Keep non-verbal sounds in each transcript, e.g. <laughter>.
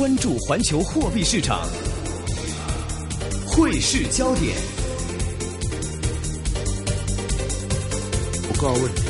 關注環球貨幣市場，匯市焦點。我剛好問你。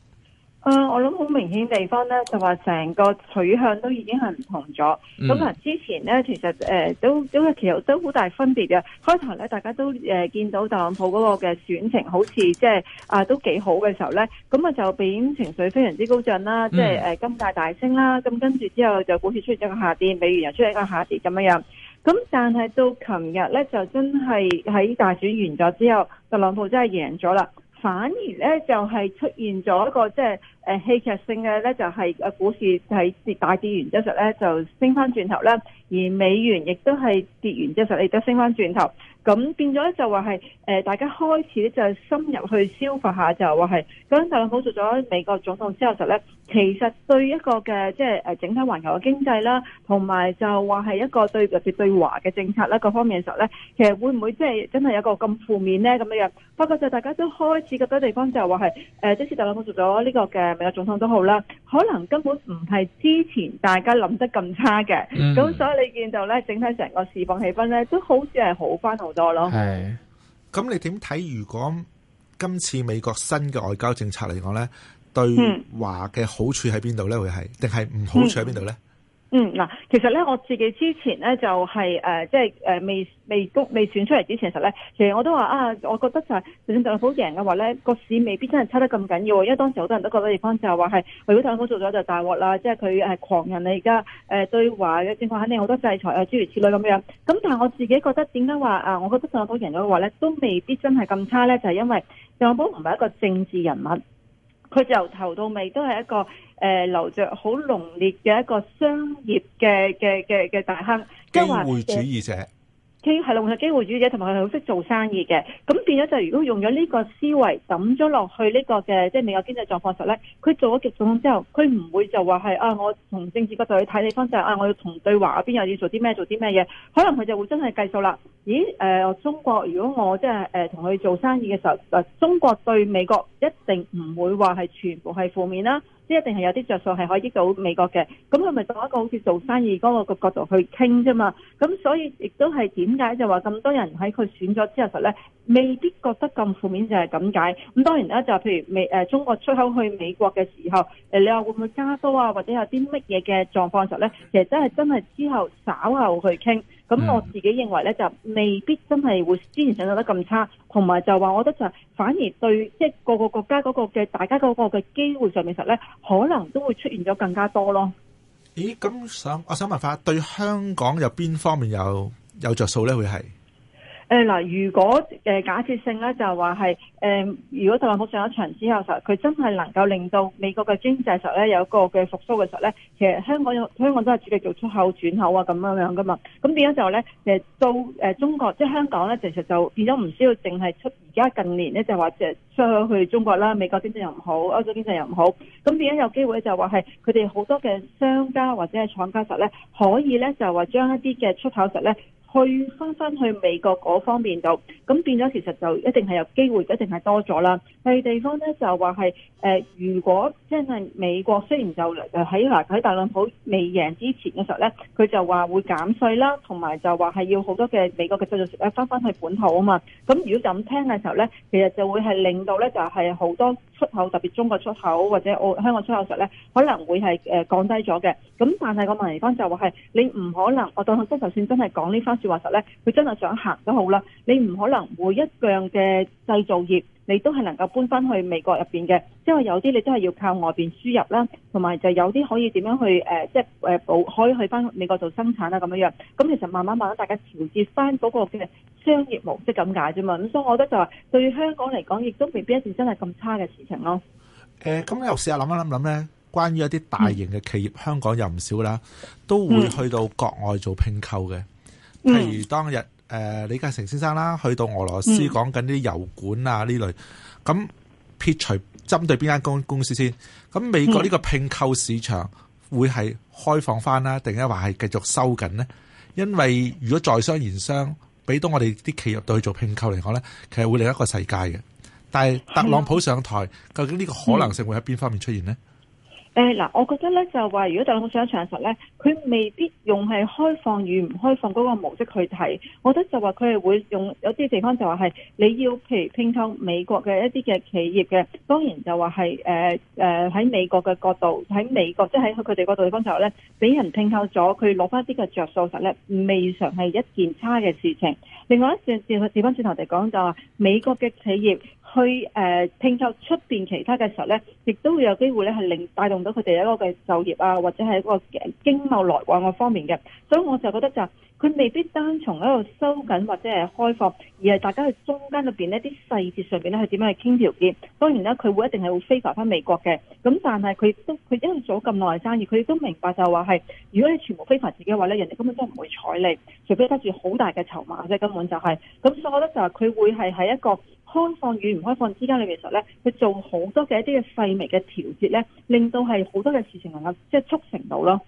誒、呃，我諗好明顯的地方咧，就話成個取向都已經係唔同咗。咁啊，之前咧其實誒、呃、都都其實都好大分別嘅。開頭咧，大家都誒、呃、見到特朗普嗰個嘅選情好似即係啊都幾好嘅時候咧，咁啊就避險情緒非常之高漲啦，嗯、即係、呃、金價大升啦。咁跟住之後就股市出咗一個下跌，美元又出咗一個下跌咁樣樣。咁但係到琴日咧，就真係喺大選完咗之後，特朗普真係贏咗啦。反而咧就係出現咗一個即係誒戲劇性嘅咧，就係股市係跌大跌完之後咧，就升翻轉頭啦，而美元亦都係跌完之後你亦都升翻轉頭，咁變咗咧，就話係大家開始咧，就深入去消化下就話係，咁特朗普做咗美國總統之後就咧。其實對一個嘅即係誒整體環球嘅經濟啦，同埋就話係一個對特別，就是，對華嘅政策啦，各方面嘅時候咧，其實會唔會即係真係有一個咁負面咧咁樣？不過就大家都開始覺得地方就話係誒，即使特朗普做咗呢個嘅美國總統都好啦，可能根本唔係之前大家諗得咁差嘅。咁，嗯，所以你見到咧，整體成個市況氣氛咧，都好似係好翻好多咯。係咁，你點睇？如果今次美國新嘅外交政策嚟講咧？對華嘅好處喺邊度咧？會係定係唔好處喺邊度咧？嗯嗱，其實咧我自己之前咧就係、是、誒、呃，即係誒、呃、未未未選出嚟之前，其實咧其實我都話啊，我覺得就係特朗普贏嘅話咧，個市未必真係差得咁緊要，因為當時好多人都覺得地方就係話係如果特朗普做咗就大鑊啦，即係佢係狂人而家誒對華嘅情況肯定好多制裁啊，諸如此類咁樣。咁但係我自己覺得點解話啊？我覺得特朗普贏咗嘅話咧，都未必真係咁差咧，就係、是、因為特朗普唔係一個政治人物。佢由頭到尾都係一個誒流、呃、著好濃烈嘅一個商業嘅嘅嘅嘅大亨，即係機會主義者。係咯，佢係機會主義者，同埋佢好識做生意嘅。咁變咗就係，如果用咗呢個思維抌咗落去呢個嘅即係美國經濟狀況時候咧，佢做咗極總統之後，佢唔會就話係啊，我從政治角度去睇你方勢、就係、啊，我要同對華啊邊又要做啲咩做啲咩嘢？可能佢就會真係計數啦。咦？誒、呃，中國如果我即係誒同佢做生意嘅時候，嗱，中國對美國一定唔會話係全部係負面啦。即一定係有啲着數係可以益到美國嘅，咁佢咪當一個好似做生意嗰個角度去傾啫嘛，咁所以亦都係點解就話咁多人喺佢選咗之後實咧，未必覺得咁負面就係咁解。咁當然啦，就譬如美誒中國出口去美國嘅時候，誒你話會唔會加多啊，或者有啲乜嘢嘅狀況嘅時候咧，其實是真係真係之後稍後去傾。咁、嗯、我自己認為咧，就未必真係會之前想象得咁差，同埋就話，我覺得就反而對，即係各個國家嗰個嘅大家嗰個嘅機會上面呢，其實咧可能都會出現咗更加多咯。咦？咁我想問下對香港有邊方面有有著數咧？會係？誒嗱、呃，如果誒假設性咧，就話係誒，如果特朗普上咗場之後實佢真係能夠令到美國嘅經濟實咧有個嘅復甦嘅時候咧，其實香港有香港都係主力做出口轉口啊，咁樣樣噶嘛。咁變咗就咧，誒到誒中國即係、就是、香港咧，其實就變咗唔需要淨係出而家近年咧就話即係出去去中國啦，美國經濟又唔好，歐洲經濟又唔好，咁變咗有機會就話係佢哋好多嘅商家或者係廠家實咧，可以咧就話將一啲嘅出口實咧。去翻翻去美國嗰方面度，咁變咗其實就一定係有機會，一定係多咗啦。第二地方咧就話係誒，如果即係美國雖然就喺嗱喺特朗普未贏之前嘅時候咧，佢就話會減稅啦，同埋就話係要好多嘅美國嘅製造業翻翻去本土啊嘛。咁如果咁聽嘅時候咧，其實就會係令到咧就係好多。出口特別中國出口或者澳香港出口實咧，可能會係誒降低咗嘅。咁但係個問題翻就話係你唔可能，我當初就算真係講呢番説話實咧，佢真係想行都好啦。你唔可能每一樣嘅製造業，你都係能夠搬翻去美國入邊嘅，即係有啲你都係要靠外邊輸入啦，同埋就有啲可以點樣去誒，即係誒保可以去翻美國做生產啦咁樣樣。咁其實慢慢慢慢大家調節翻嗰個嘅。商業模式咁解啫嘛，咁所以我覺得就係對香港嚟講，亦都未必一是真係咁差嘅事情咯。咁又、呃、試下諗一諗，諗咧，關於一啲大型嘅企業，嗯、香港有唔少啦，都會去到國外做拼購嘅。嗯、譬如當日誒、呃、李嘉誠先生啦，去到俄羅斯講緊啲油管啊呢、嗯、類。咁撇除針對邊間公公司先，咁美國呢個拼購市場會係開放翻啦，定係話係繼續收緊呢？因為如果在商言商。俾到我哋啲企業去做拼購嚟講咧，其實會另一個世界嘅。但係特朗普上台，究竟呢個可能性會喺邊方面出現咧？誒，嗱，我覺得咧就話，如果特朗普想長實咧，佢未必用係開放與唔開放嗰個模式去睇。我覺得就話佢係會用有啲地方就話係你要譬如併購美國嘅一啲嘅企業嘅，當然就話係誒誒，喺美國嘅角度，喺美國即係喺佢哋嗰度呢呢地方就話咧，俾人併購咗，佢攞翻啲嘅着數實咧，未嘗係一件差嘅事情。另外一咧，佢轉翻轉頭嚟講就話，美國嘅企業去誒、呃、拼湊出邊其他嘅時候咧，亦都會有機會咧係令帶動到佢哋一個嘅就業啊，或者係一個經貿來往嗰方面嘅。所以我就覺得就佢、是、未必單從一個收緊或者係開放，而係大家喺中間入邊呢啲細節上邊咧係點樣去傾條件。當然咧，佢會一定係會非法返美國嘅。咁但係佢都佢因為做咁耐生意，佢亦都明白就係話係，如果你全部非法自己嘅話咧，人哋根本都唔會睬你，除非得住好大嘅籌碼啫。根本就係、是、咁，所以我覺得就係、是、佢會係喺一個。開放與唔開放之間裏面嘅時候咧，佢做好多嘅一啲嘅細微嘅調節咧，令到係好多嘅事情能夠即係促成到咯。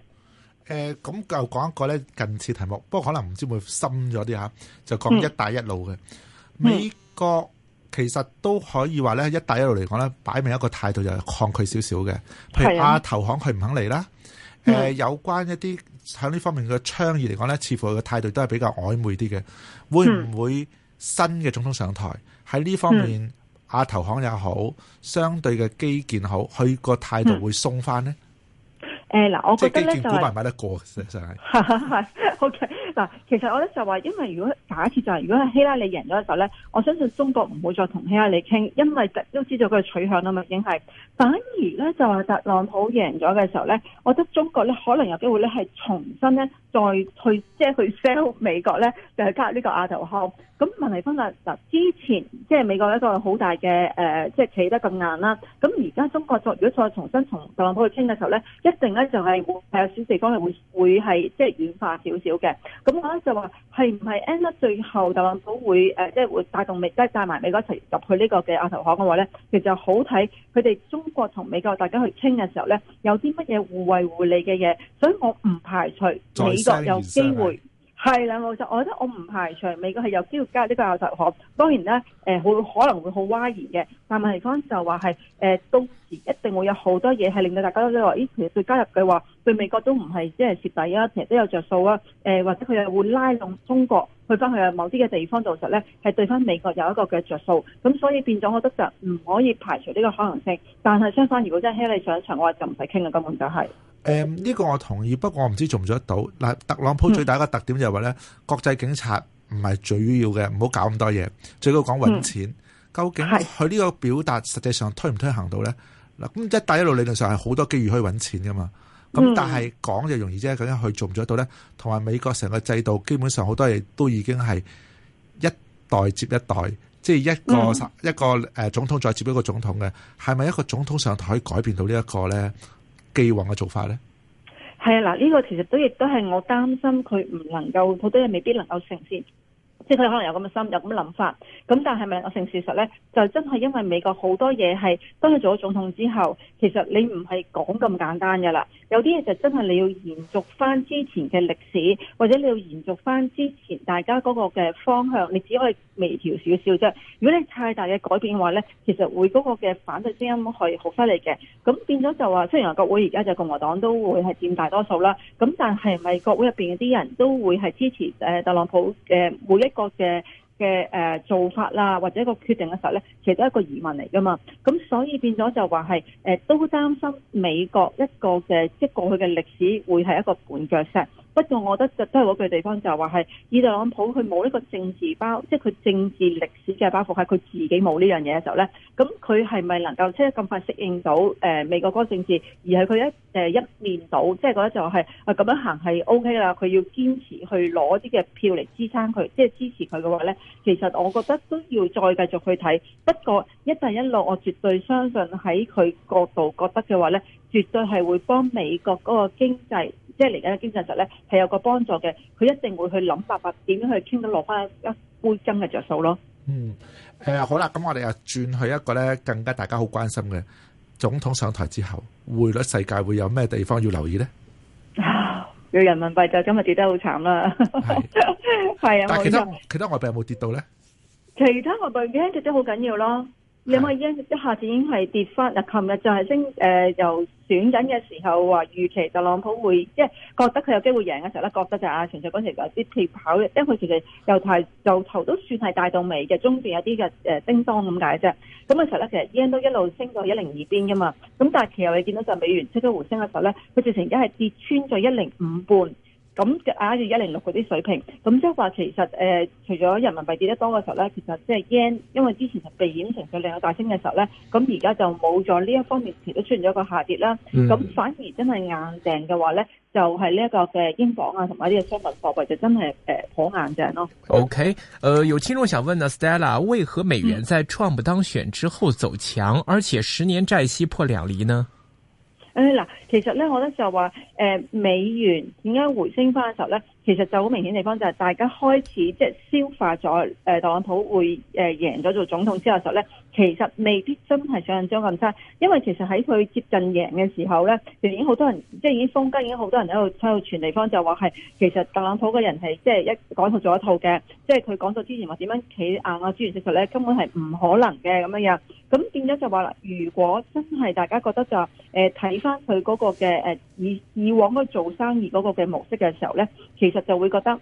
誒、呃，咁就講一個咧，近次題目，不過可能唔知會深咗啲嚇，就講一帶一路嘅，嗯、美國，其實都可以話咧，一帶一路嚟講咧，擺明一個態度就抗拒少少嘅。譬如阿投行佢唔肯嚟啦，誒、嗯呃、有關一啲喺呢方面嘅倡議嚟講咧，似乎佢嘅態度都係比較曖昧啲嘅，會唔會、嗯？新嘅總統上台喺呢方面，亞、嗯、投行也好，相對嘅基建好，佢個態度會鬆翻呢？誒嗱、嗯嗯，我覺得即係基建股買唔買得過？就係、實際係。 <laughs> o、okay. k 嗱，其實我咧就話，因為如果假設就係如果係希拉里贏咗嘅時候咧，我相信中國唔會再同希拉里傾，因為都知道佢嘅取向啊嘛，已經係反而咧就話特朗普贏咗嘅時候咧，我覺得中國咧可能有機會咧係重新咧再去即係去 sell 美國咧，就係加入呢個亞投行。咁文麗芬啊，嗱之前即係美國一個好大嘅誒，即係企得咁硬啦。咁而家中國再如果再重新同特朗普去傾嘅時候咧，一定咧就係會係有少少地方係會會係即係軟化少少嘅。咁我咧就話係唔係 End up 最後特朗普會即係、呃即係、會帶動美即係帶埋美國一齊入去個呢個嘅亞投行嘅話咧，其實就好睇佢哋中國同美國大家去傾嘅時候咧，有啲乜嘢互惠互利嘅嘢，所以我唔排除美國有機會。係兩老就我覺得我唔排除美國係有機會加入呢個亞投行。當然咧，誒、欸、好可能會好嘩然嘅，但問題方就話係、欸、到時一定會有好多嘢係令到大家都話：欸「咦，其實佢加入嘅話對美國都唔係即係蝕底啊，其實都有着數啊，誒、欸、或者佢又會拉攏中國去翻去某啲嘅地方做實咧，係對翻美國有一個嘅着數，咁所以變咗，我覺得就唔可以排除呢個可能性，但係相反，如果真係希拉里上一場，我就唔使傾啦，根本就係、是。誒，呢、um, 個我同意，不過我唔知做唔做得到。嗱，特朗普最大嘅特點就係話咧，嗯、國際警察唔係主要嘅，唔好搞咁多嘢，最多講搵錢、嗯。究竟佢呢個表達實際上推唔推行到咧？嗱，咁一一帶一路理論上係好多機遇可以搵錢噶嘛？咁但係講就容易啫，究竟佢做唔做得到咧？同埋美國成個制度，基本上好多嘢都已經係一代接一代，即係一個、嗯、一個誒總統再接一個總統嘅，係咪一個總統上台可以改變到呢一個咧？既往嘅做法咧，係啊，嗱，呢個其實也都亦都係我擔心佢唔，佢唔能夠，好多嘢未必能夠成先。即係佢可能有咁嘅心，有咁嘅諗法。咁但係咪我成事實咧？就真係因為美國好多嘢係當佢做咗總統之後，其實你唔係講咁簡單㗎啦。有啲嘢就真係你要延續翻之前嘅歷史，或者你要延續翻之前大家嗰個嘅方向，你只可以微調少少啫。如果你太大嘅改變嘅話咧，其實會嗰個嘅反對聲音係好犀利嘅。咁變咗就話，雖然話國會而家就共和黨都會係佔大多數啦，咁但係咪國會入邊嗰啲人都會係支持誒特朗普嘅每一個嘅嘅誒做法啦，或者一個決定嘅時候咧，其實都係一個疑問嚟噶嘛，咁所以變咗就話係誒都擔心美國一個嘅即過去嘅歷史會係一個絆腳石。不過，我覺得就都係嗰句地方就係話係，以特朗普佢冇呢個政治包，即係佢政治歷史嘅包袱，係佢自己冇呢樣嘢嘅時候咧，咁佢係咪能夠即係咁快適應到誒美國嗰個政治，而係佢一誒一面倒，即係覺得就係啊咁樣行係 OK 啦，佢要堅持去攞啲嘅票嚟支撐佢，即係支持佢嘅話咧，其實我覺得都要再繼續去睇。不過一帶一路，我絕對相信喺佢角度覺得嘅話咧，絕對係會幫美國嗰個經濟。即係嚟緊嘅經濟實咧，係有個幫助嘅。佢一定會去諗辦法，點樣去傾到落翻一杯羹嘅著數咯。嗯，誒好啦，咁我哋又轉去一個咧更加大家好關心嘅總統上台之後，匯率世界會有咩地方要留意咧？啊，有人民幣就今日跌得好慘啦，係啊。但係其他其他外幣有冇跌到咧？其他外幣已經跌得好緊要咯。你有冇依家一下子已經係跌翻？啊，琴日就係升，誒、呃、由選緊嘅時候話預期特朗普會，即、就、係、是、覺得佢有機會贏嘅時候咧，覺得係阿、啊、純粹嗰時有啲氣跑，因為佢其實由頭由頭都算係大到尾嘅，中段有啲嘅誒叮當咁解啫。咁嘅時候咧，其實 yen 都一路升到一零二邊噶嘛。咁但係其後你見到就美元即刻回升嘅時候咧，佢直情一係跌穿咗一零五半。咁就啱住一零六嗰啲水平，咁即係話其實誒、呃，除咗人民幣跌得多嘅時候咧，其實即係 yen，因為之前係避險情緒量有大升嘅時候咧，咁而家就冇咗呢一方面，其實都出現咗一個下跌啦。咁、嗯、反而真係硬淨嘅話咧，就係呢一個嘅英鎊啊，同埋呢啲商品貨幣就真係誒好硬淨咯。OK，誒、呃、有聽眾想問啊，Stella，為何美元在 Trump 當選之後走強，嗯、而且十年債息破兩厘呢？誒嗱，其實咧，我覺得就話，美元點解回升翻嘅時候咧？其實就好明顯嘅地方就係大家開始即係消化咗，誒特朗普會誒贏咗做總統之後實咧，其實未必真係想像中咁差，因為其實喺佢接近贏嘅時候咧，其實已經好多人即係已經封跟，已經好多人喺度喺度傳地方就話係其實特朗普個人係即係講一套做一套嘅，即係佢講到之前話點樣企硬啊資源事實咧根本係唔可能嘅咁樣樣，咁變咗就話啦，如果真係大家覺得就誒睇返佢嗰個嘅誒。以以往嗰做生意嗰個嘅模式嘅時候咧，其實就會覺得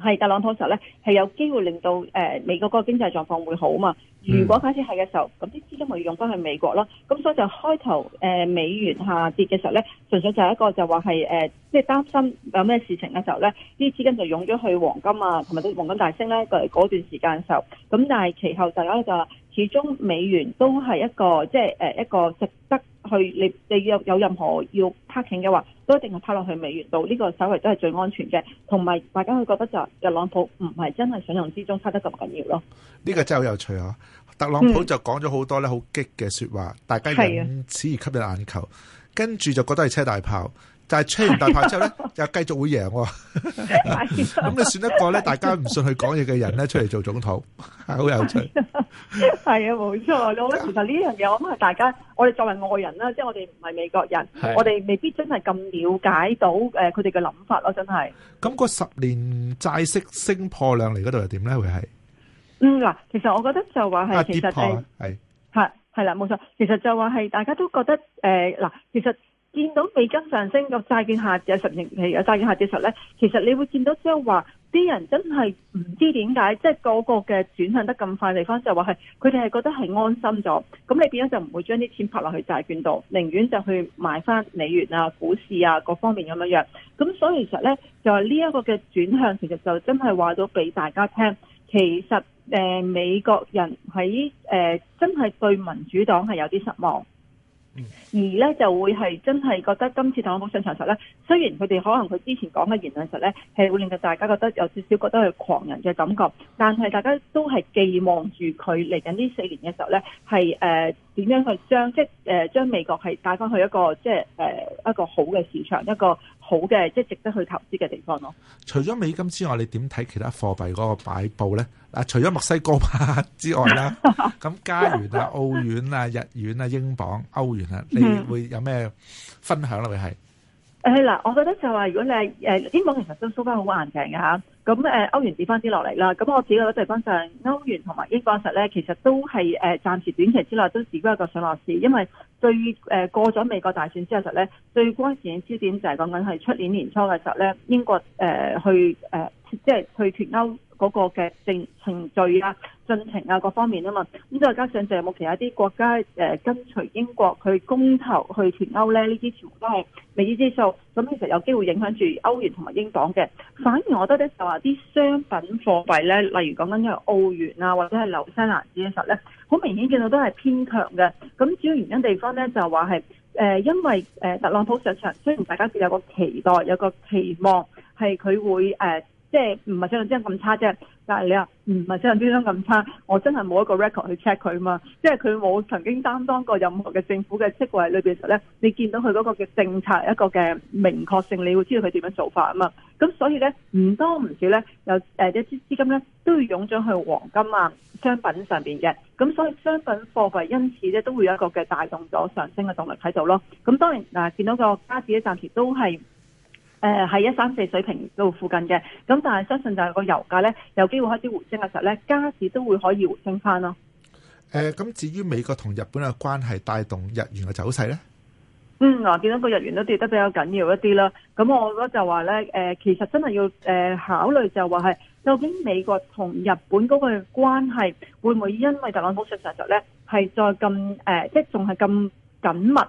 係特朗普嘅時候咧，係有機會令到誒美國嗰個經濟狀況會好嘛。如果假設係嘅時候，咁啲資金咪用翻去美國咯。咁所以就開頭誒、呃、美元下跌嘅時候咧，純粹就係一個就話係誒，即係擔心有咩事情嘅時候咧，啲資金就湧咗去黃金啊，同埋啲黃金大升咧，嚟嗰段時間嘅時候。咁但係其後大家就話。始終美元都係一個即係誒一個值得去你你有有任何要 parking 嘅話，都一定係拍落去美元度呢、呢個手位都係最安全嘅，同埋大家會覺得就係，特朗普唔係真係想像之中差得咁緊要咯。呢個真係好有趣啊！特朗普就講咗好多咧好激嘅說話，嗯、大家因此而吸引眼球，跟住的就覺得係車大炮。就係吹完大炮之後咧，就繼續會贏，咁你選一個咧？大家唔信佢講嘢嘅人咧，出嚟做總統，好有趣，係啊，冇錯咯。我覺得其實呢樣嘢，我諗係大家，我哋作為外人啦，即係我哋唔係美國人，我哋未必真係咁了解到誒，佢哋嘅諗法咯，真係。咁個十年債息升破兩厘嗰度係點咧？會係，嗯嗱，其實我覺得就話係，其實係係係啦，冇錯。其實就話係大家都覺得誒，嗱，其實。見到美金上升，個債券下跌，十年期嘅債券下跌實咧，其實你會見到即係話啲人真係唔知點解，即係嗰個嘅轉向得咁快地方就話係佢哋係覺得係安心咗，咁你變咗就唔會將啲錢拍落去債券度，寧願就去買翻美元啊、股市啊各方面咁樣樣。咁所以其實咧就係呢一個嘅轉向，其實就真係話咗俾大家聽，其實誒、呃、美國人喺誒、呃、真係對民主黨係有啲失望。嗯、而咧就會係真係覺得今次特朗普上場時候咧，雖然佢哋可能佢之前講嘅言論時候咧，係會令到大家覺得有少少覺得係狂人嘅感覺，但係大家都係寄望住佢嚟緊呢四年嘅時候咧，係誒點樣去將即係誒、呃、將美國係帶翻去一個即係誒、呃、一個好嘅市場一個。好嘅，即係值得去投資嘅地方咯。除咗美金之外，你點睇其他貨幣嗰個擺佈咧？嗱，除咗墨西哥幣之外啦，咁加元啊、澳元啊、日元啊、英鎊、歐元啊，你會有咩分享咧？會係誒嗱，我覺得就係如果你係誒英鎊，其實都收翻好硬淨㗎吓。咁誒歐元跌翻啲落嚟啦，咁我指嘅嗰對方就係歐元同埋英國實咧，其實都係誒暫時短期之內都只不過一個上落市，因為最過咗美國大選之後實咧，最關鍵嘅焦點就係講緊係出年年初嘅時候咧，英國誒去誒即係去脱歐。嗰個嘅程程序啊、進程啊，各方面啊嘛，咁再加上就有冇其他啲國家誒、呃、跟隨英國去公投去脱歐咧？呢啲全部都係未知之數，咁其實有機會影響住歐元同埋英鎊嘅。反而我覺得呢就話啲商品貨幣咧，例如講緊嘅澳元啊，或者係紐西蘭紙嘅時候咧，好明顯見到都係偏強嘅。咁主要原因嘅地方咧就話係誒，因為誒、呃、特朗普上場，雖然大家有個期待、有個期望，係佢會誒。即係唔係想像之中咁差啫，但係你話唔係想像之中咁差，我真係冇一個 record 去 check 佢啊嘛，即係佢冇曾經擔當過任何嘅政府嘅職位裏面嘅時候咧，你見到佢嗰個嘅政策一個嘅明確性，你會知道佢點樣做法啊嘛，咁所以咧唔多唔少咧，有誒一啲資金咧都要湧咗去黃金啊、商品上面嘅，咁所以商品貨幣因此咧都會有一個嘅帶動咗上升嘅動力喺度咯，咁當然嗱、啊、見到個加指咧暫時都係。誒喺一三四水平度附近嘅，咁但係相信就係個油價咧有機會開始回升嘅時候咧，加市都會可以回升返咯。誒、呃，咁至於美國同日本嘅關係帶動日元嘅走勢咧？嗯，嗱，見到個日元都跌得比較緊要一啲啦。咁我覺得就話咧，誒，其實真係要誒考慮就話係究竟美國同日本嗰個關係會唔會因為特朗普上台時候咧係再咁誒，即仲係咁緊密？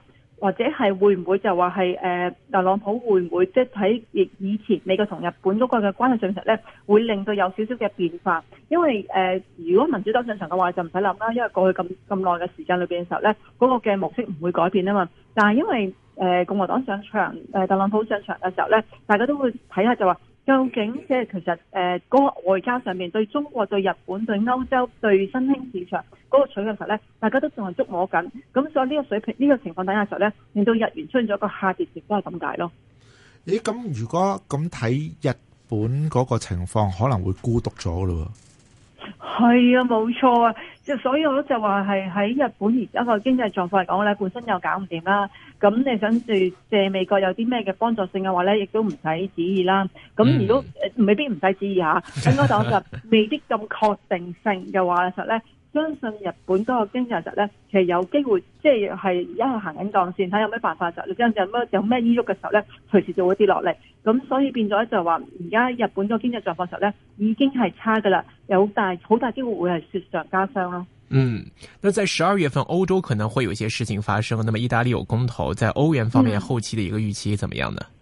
或者係會唔會就話係誒特朗普會唔會即係喺以前美國同日本嗰個嘅關係上頭咧，會令到有少少嘅變化？因為誒、呃，如果民主黨上場嘅話，就唔使諗啦，因為過去咁咁耐嘅時間裏邊嘅時候咧，嗰、那個嘅模式唔會改變啊嘛。但係因為誒、呃、共和黨上場誒、呃、特朗普上場嘅時候咧，大家都會睇下就話。究竟即係其實誒，呃嗰個外交上面對中國、對日本、對歐洲、對新興市場嗰個取向時候咧，大家都仲係捉摸緊。咁所以呢個水平、呢、呢個情況底下時候咧，令到日元出現咗個下跌，亦都係咁解咯。咦、欸？咁如果咁睇日本嗰個情況，可能會孤獨咗咯。係啊，冇錯啊，即係所以我就話係喺日本而家個經濟狀況嚟講咧，本身又搞唔掂啦。咁你想住借美國有啲咩嘅幫助性嘅話咧，亦都唔使旨意啦。咁如果未必唔使旨意吓、啊，應該我就未必咁確定性嘅話咧。實相信日本嗰個經濟實咧，其實有機會即係係一路行緊降線，睇有咩辦法實，你真有咩有咩依足嘅時候咧，隨時就會跌落嚟。咁所以變咗就係話，而家日本嗰個經濟狀況實咧，已經係差噶啦，有大好大機會會係雪上加霜咯。嗯，那在十二月份歐洲可能會有些事情發生，那麼意大利有公投，在歐元方面後期的一個預期是怎麼樣呢？嗯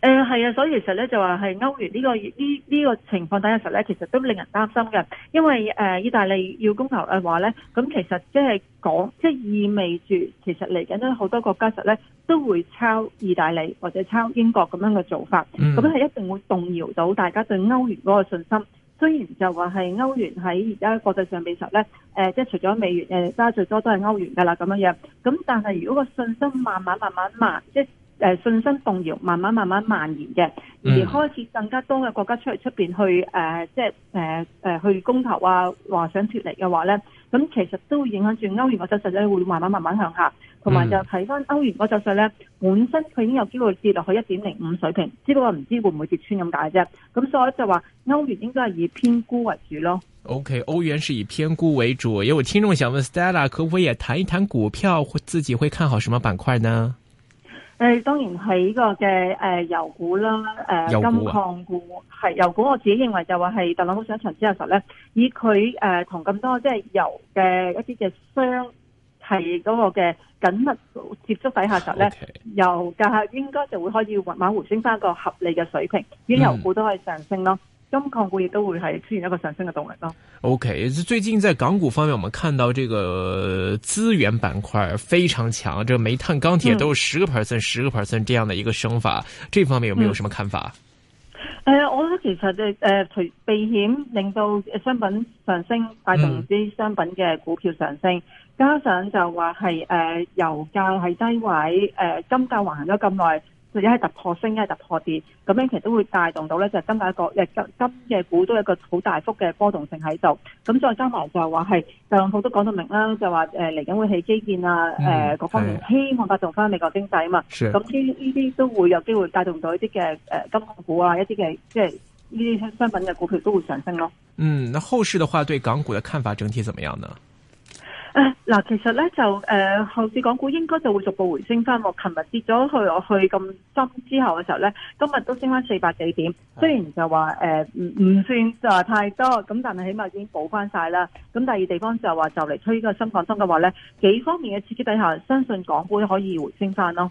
誒係啊，所以其實咧就話係歐元呢、呢個呢呢、呢個情況底下實咧，其實都令人擔心嘅，因為誒、呃、意大利要公投嘅話咧，咁其實即係講即係意味住，其實嚟緊都好多國家實咧都會抄意大利或者抄英國咁樣嘅做法，咁係、嗯、一定會動搖到大家對歐元嗰個信心。雖然就話係歐元喺而家國際上邊實咧，誒、呃、即係除咗美元誒，而家最多都係歐元噶啦咁樣樣，咁但係如果個信心慢慢慢慢慢即係。誒，信心動搖，慢慢慢慢蔓延嘅，而開始更加多嘅國家出嚟出邊去誒、嗯呃，即係誒誒，去公投啊，想脫離話想脱離嘅話咧，咁其實都會影響住歐元嗰隻勢咧，會慢慢慢慢向下，同埋就睇翻歐元嗰隻勢咧，本身佢已經有機會跌落去一點零五水平，只不過唔知會唔會跌穿咁解啫。咁所以就話歐元應該係以偏估為主咯。OK，歐元是以偏估為主。有聽眾想問 Stella，可唔可以也談一談股票，自己會看好什麼板塊呢？誒、嗯、當然喺呢、這個嘅誒、呃、油股啦，誒、呃、金礦股係油股、啊，油股我自己認為就話係特朗普上場之後嘅時候咧，以佢誒同咁多即係、就是、油嘅一啲嘅商係嗰個嘅緊密接觸底下時候咧，Okay. 油價應該就會開始慢慢回升翻一個合理嘅水平，已咁油股都可以上升咯。嗯金礦股亦都會係出現一個上升嘅動力咯。O、okay, K，最近在港股方面，我們看到這個資源板塊非常強，這個、煤炭、鋼鐵都有十個 percent、十個 percent 這樣的一個升法。嗯、這方面有沒有什麼看法？誒、嗯呃，我覺得其實誒誒，避、呃、避險令到商品上升，帶動啲商品嘅股票上升，加上就話係誒油價係低位，誒、呃、金價橫行咗咁耐。或者係突破升，一係突破跌，咁樣其實都會帶動到咧，就係今日一個日金金嘅股都有一個好大幅嘅波動性喺度。咁再加埋就係話係，就好多講到明啦，就話誒嚟緊會起基建啊誒、呃、各方面，希望帶動翻美國經濟啊嘛。咁呢呢啲都會有機會帶動到一啲嘅誒金股啊，一啲嘅即係呢啲商品嘅股票都會上升咯。嗯，那後市嘅話，對港股嘅看法整體怎麼樣呢？誒，嗱、啊，其實咧就誒、呃，後市港股應該就會逐步回升翻。我琴日跌咗去我去咁深之後嘅時候咧，今日都升翻四百幾點。雖然就話誒，唔、呃、唔算就話太多，咁但係起碼已經補翻晒啦。咁第二地方就話就嚟推個深港通嘅話咧，幾方面嘅刺激底下，相信港股可以回升翻咯、哦。